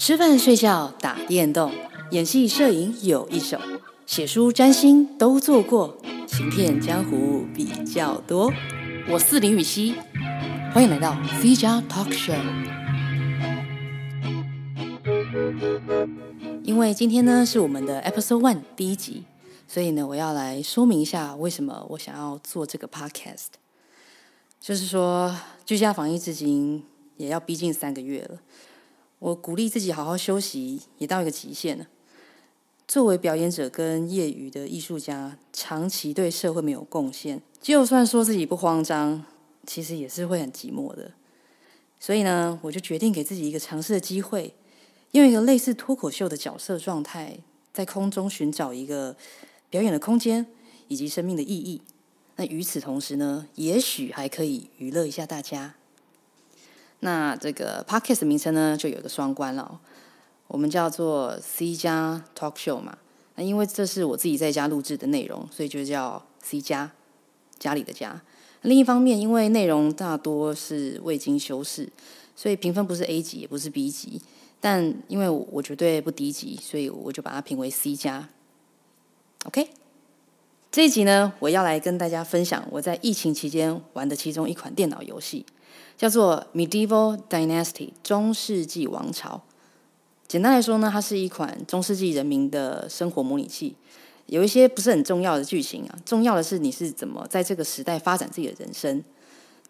吃飯、睡覺、打電動，演戲、攝影有一手，寫書、占星都做過，行騙江湖比較多。我是林雨熙，歡迎來到 C+ Talk Show。因為今天呢是我們的 Episode One 第一集，所以呢我要來說明一下為什麼我想要做這個 Podcast。就是說，居家防疫至今也要逼近三個月了。我鼓勵自己好好休息，也到一個極限了。作為表演者跟業餘的藝術家，長期對社會沒有貢獻，就算說自己不慌張，其實也是會很寂寞的。所以呢，我就決定給自己一個嘗試的機會，用一個類似脫口秀的角色狀態，在空中尋找一個表演的空間以及生命的意義。那與此同時呢，也許還可以娛樂一下大家。那這個 podcast 名稱呢，就有一個雙關了。我們叫做 C 加 talk show 嘛，那因為這是我自己在家錄製的內容，所以就叫 C 加家裡的家，另一方面，因為內容大多是未經修飾，所以評分不是 A 級，也不是 B 級。但因為我我絕對不低級，所以我就把它評為 C 加。OK，這一集呢，我要來跟大家分享我在疫情期間玩的其中一款電腦遊戲。叫做 Medieval Dynasty，中世紀王朝。簡單來說呢，它是一款中世紀人民的生活模擬器。有一些不是很重要的劇情啊，重要的是你是怎麼在這個時代發展自己的人生。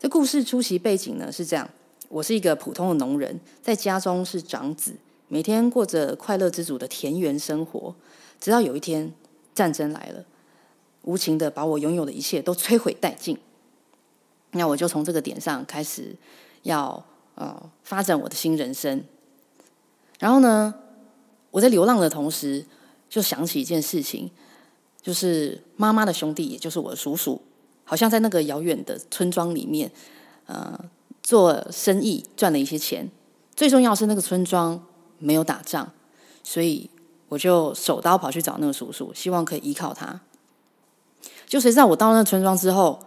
這故事初期背景呢是這樣：我是一個普通的農人，在家中是長子，每天過着快樂之主的田園生活。直到有一天，戰爭來了，無情地把我擁有的一切都摧毀殆盡。那我就從這個點上開始要，要呃發展我的新人生。然後呢，我在流浪的同時，就想起一件事情，就是媽媽的兄弟，也就是我的叔叔，好像在那個遙遠的村莊裡面，呃，做生意賺了一些錢。最重要是那個村莊沒有打仗，所以我就手刀跑去找那個叔叔，希望可以依靠他。就誰知道我到了那個村莊之後，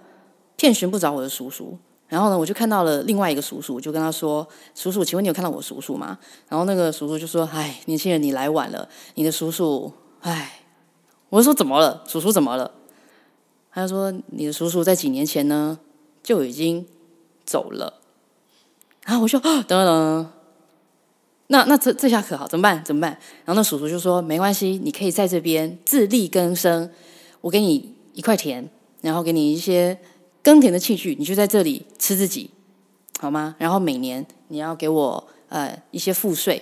遍尋不着我的叔叔，然後呢，我就看到了另外一個叔叔，就跟他說：“叔叔，請問你有看到我叔叔嗎？”然後那個叔叔就說：“哎，年輕人，你來晚了，你的叔叔，哎，我就說怎麼了？叔叔怎麼了？他就說：你的叔叔在幾年前呢就已經走了。然後我說，啊，等等等，那那這這下可好，怎麼辦？怎麼辦？然後那叔叔就說：沒關係，你可以在這邊自力更生，我給你一塊田，然後給你一些。”耕田的器具，你就在這裡吃自己，好嗎？然後每年你要給我呃一些賦稅，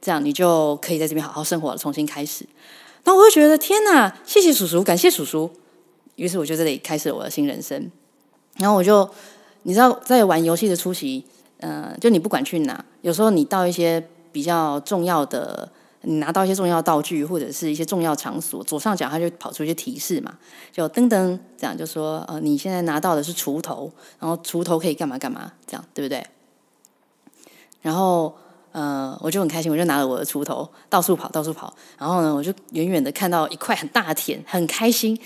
這樣你就可以在這邊好好生活了，重新開始。那我就覺得天哪，謝謝叔叔，感謝叔叔。於是我就這裡開始了我的新人生。然後我就你知道，在玩遊戲的初期，呃，就你不管去哪，有時候你到一些比較重要的。你拿到一些重要道具，或者是一些重要場所，左上角它就跑出一些提示嘛，就噔噔這樣，就說呃，你現在拿到的是鋤頭，然後鋤頭可以幹嘛幹嘛，這樣對不對？然後呃，我就很開心，我就拿了我的鋤頭到處跑，到處跑。然後呢，我就遠遠的看到一塊很大田，很開心。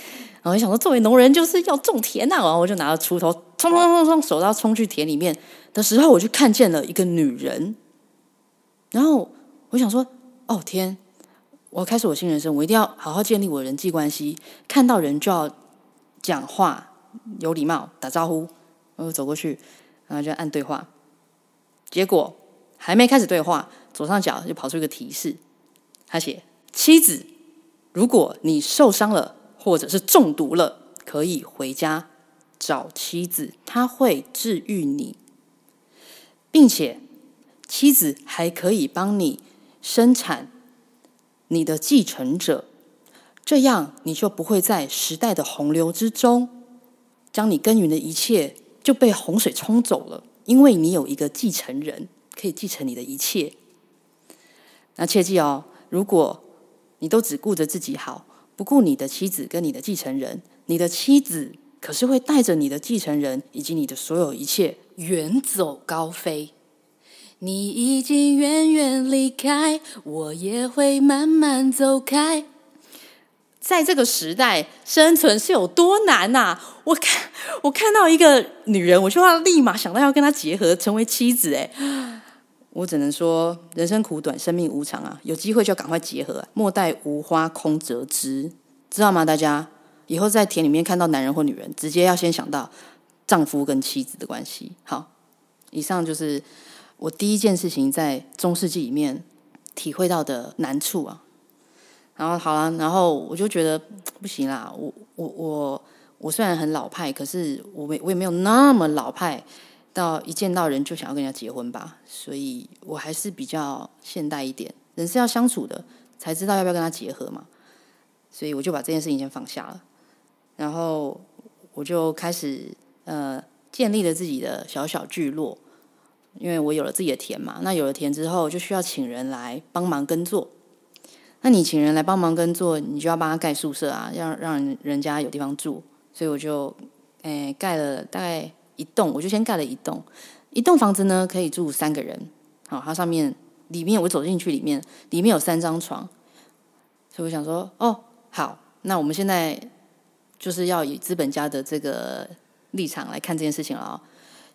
然後我想說，作為農人就是要種田啊，然後我就拿了鋤頭，衝衝衝衝，手刀衝去田裡面的時候，我就看見了一個女人。然後我想說。哦天！我要開始我新人生，我一定要好好建立我的人際關係。看到人就要講話，有禮貌，打招呼。我就走過去，然後就按對話。結果還沒開始對話，左上角就跑出一個提示。他寫：“妻子，如果你受傷了或者是中毒了，可以回家找妻子，她會治癒你，並且妻子還可以幫你。”生產你的繼承者，這樣你就不會在時代的洪流之中，將你耕耘的一切就被洪水沖走了。因為你有一個繼承人可以繼承你的一切。那切記哦，如果你都只顧着自己好，不顧你的妻子跟你的繼承人，你的妻子可是會帶着你的繼承人以及你的所有一切遠走高飛。你已經遠遠離開，我也會慢慢走開。在這個時代，生存是有多難吶、啊？我看我看到一個女人，我就要立馬想到要跟她結合，成為妻子。哎，我只能說人生苦短，生命無常啊！有機會就要趕快結合、啊，莫待無花空折枝，知道嗎？大家以後在田裡面看到男人或女人，直接要先想到丈夫跟妻子的關係。好，以上就是。我第一件事情在中世紀裡面體會到的難處啊，然後好了啊，然後我就覺得不行啦，我我我我雖然很老派，可是我沒我也沒有那麼老派到一見到人就想要跟人家結婚吧，所以我還是比較現代一點，人是要相處的才知道要不要跟他結合嘛，所以我就把這件事情先放下了，然後我就開始呃建立了自己的小小聚落。因為我有了自己的田嘛，那有了田之後，就需要請人來幫忙耕作。那你請人來幫忙耕作，你就要幫他蓋宿舍啊，要讓人家有地方住。所以我就，哎，蓋了大概一棟，我就先蓋了一棟。一棟房子呢，可以住三個人。好，它上面裡面，我走進去裡面，裡面有三張床。所以我想說，哦，好，那我們現在就是要以資本家的這個立場來看這件事情了哦。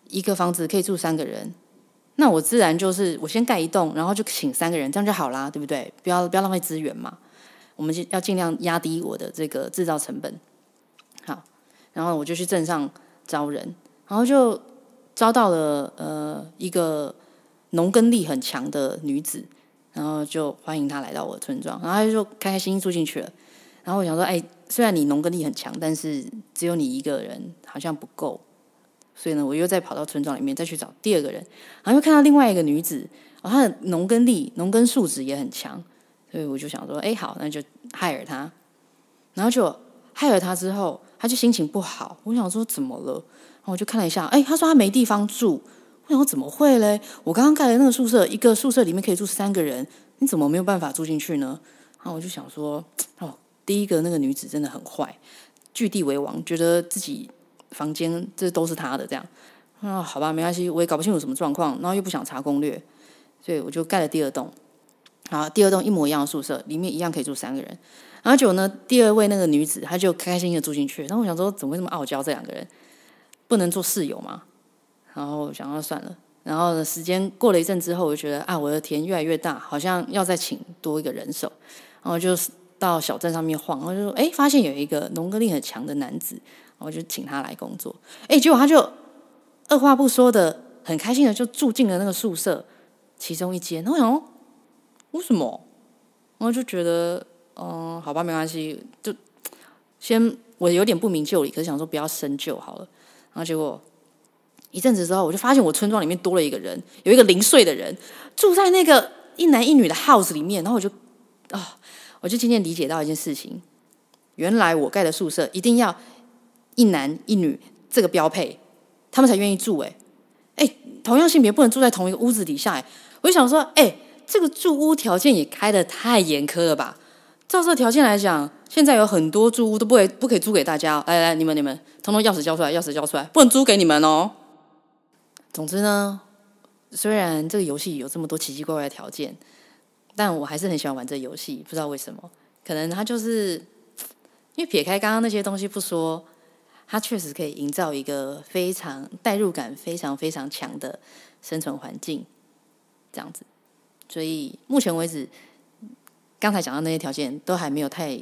一個房子可以住三個人。那我自然就是我先蓋一棟，然後就請三個人，這樣就好啦，對不對？不要不要浪費資源嘛，我們就要盡量壓低我的這個製造成本。好，然後我就去鎮上招人，然後就招到了呃一個農耕力很強的女子，然後就歡迎她來到我的村莊，然後她就開開心心住進去了。然後我想說，哎，雖然你農耕力很強，但是只有你一個人好像不夠。所以呢，我又再跑到村莊裡面，再去找第二個人，然後又看到另外一個女子，哦，她的農耕力、農耕素質也很強，所以我就想說，哎，好，那就害了她。然後就害了她之後，她就心情不好。我想說，怎麼了？然後我就看了一下，哎，她說她沒地方住。我想說，說怎麼會嘞？我剛剛蓋的那個宿舍，一個宿舍裡面可以住三個人，你怎麼沒有辦法住進去呢？然後我就想說，哦，第一個那個女子真的很壞，據地為王，覺得自己。房間這都是他的，這樣那、啊、好吧，沒關係，我也搞不清楚什麼狀況，然後又不想查攻略，所以我就蓋了第二棟。好，第二棟一模一樣的宿舍，裡面一樣可以住三個人。然後就呢，第二位那個女子，她就開開心心的住進去。然後我想說，怎麼會這麼傲嬌？這兩個人不能做室友嗎？然後我想說算了。然後時間過了一陣之後，我就覺得啊，我的田越來越大，好像要再請多一個人手。然後就到小鎮上面晃，然後就說，哎，發現有一個農耕力很強的男子。我就請他來工作，哎、欸，結果他就二話不說的，很開心的就住進了那個宿舍其中一間。然後我想，為、哦、什麼？我就覺得，嗯，好吧，沒關係，就先我有點不明就裡，可是想說不要深究好了。然後結果一陣子之後，我就發現我村莊裡面多了一個人，有一個零碎的人住在那個一男一女的 house 裡面。然後我就啊、哦，我就漸漸理解到一件事情：原來我蓋的宿舍一定要，一男一女這個標配，他們才願意住哎哎、欸，同樣性別不能住在同一個屋子底下哎，我就想說哎、欸，這個住屋條件也開得太嚴苛了吧？照這條件來講，現在有很多住屋都不可以不可以租給大家，來來來，你們你們，通通鑰匙交出來，鑰匙交出來，不能租給你們哦。總之呢，雖然這個遊戲有這麼多奇奇怪怪的條件，但我還是很喜歡玩這遊戲，不知道為什麼，可能他就是因為撇開剛剛那些東西不說。它確實可以營造一個非常代入感非常非常強的生存環境，這樣子。所以目前為止，剛才講到那些條件都還沒有太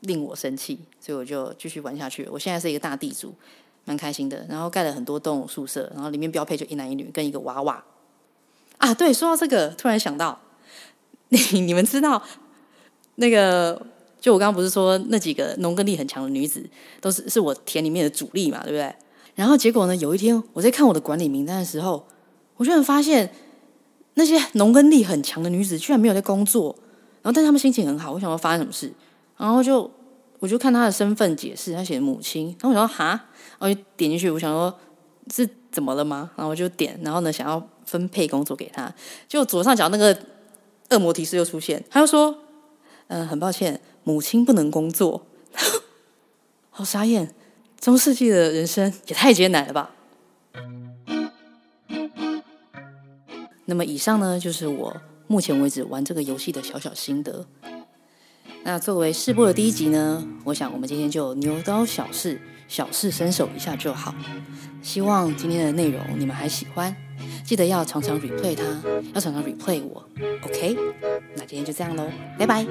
令我生氣，所以我就繼續玩下去。我現在是一個大地主，蠻開心的。然後蓋了很多棟宿舍，然後裡面標配就一男一女跟一個娃娃。啊，對，說到這個，突然想到，你你們知道那個？就我剛剛不是說那幾個農耕力很強的女子都是是我田裡面的主力嘛，對不對？然後結果呢，有一天我在看我的管理名單的時候，我居然發現那些農耕力很強的女子居然沒有在工作，然後但她們心情很好。我想說發生什麼事，然後就我就看她的身份解釋，她寫母親。然後我想說哈，然後就點進去，我想說是怎麼了嗎？然後我就點，然後呢想要分配工作給她，就左上角那個惡魔提示又出現，他又說，嗯、呃，很抱歉。母親不能工作，好傻眼！中世紀的人生也太艱難了吧？那麼以上呢，就是我目前為止玩這個遊戲的小小心得。那作為試播的第一集呢，我想我們今天就牛刀小試，小試身手一下就好。希望今天的內容你們還喜歡，記得要常常 replay 它，要常常 replay 我，OK？那今天就這樣嘍，拜拜。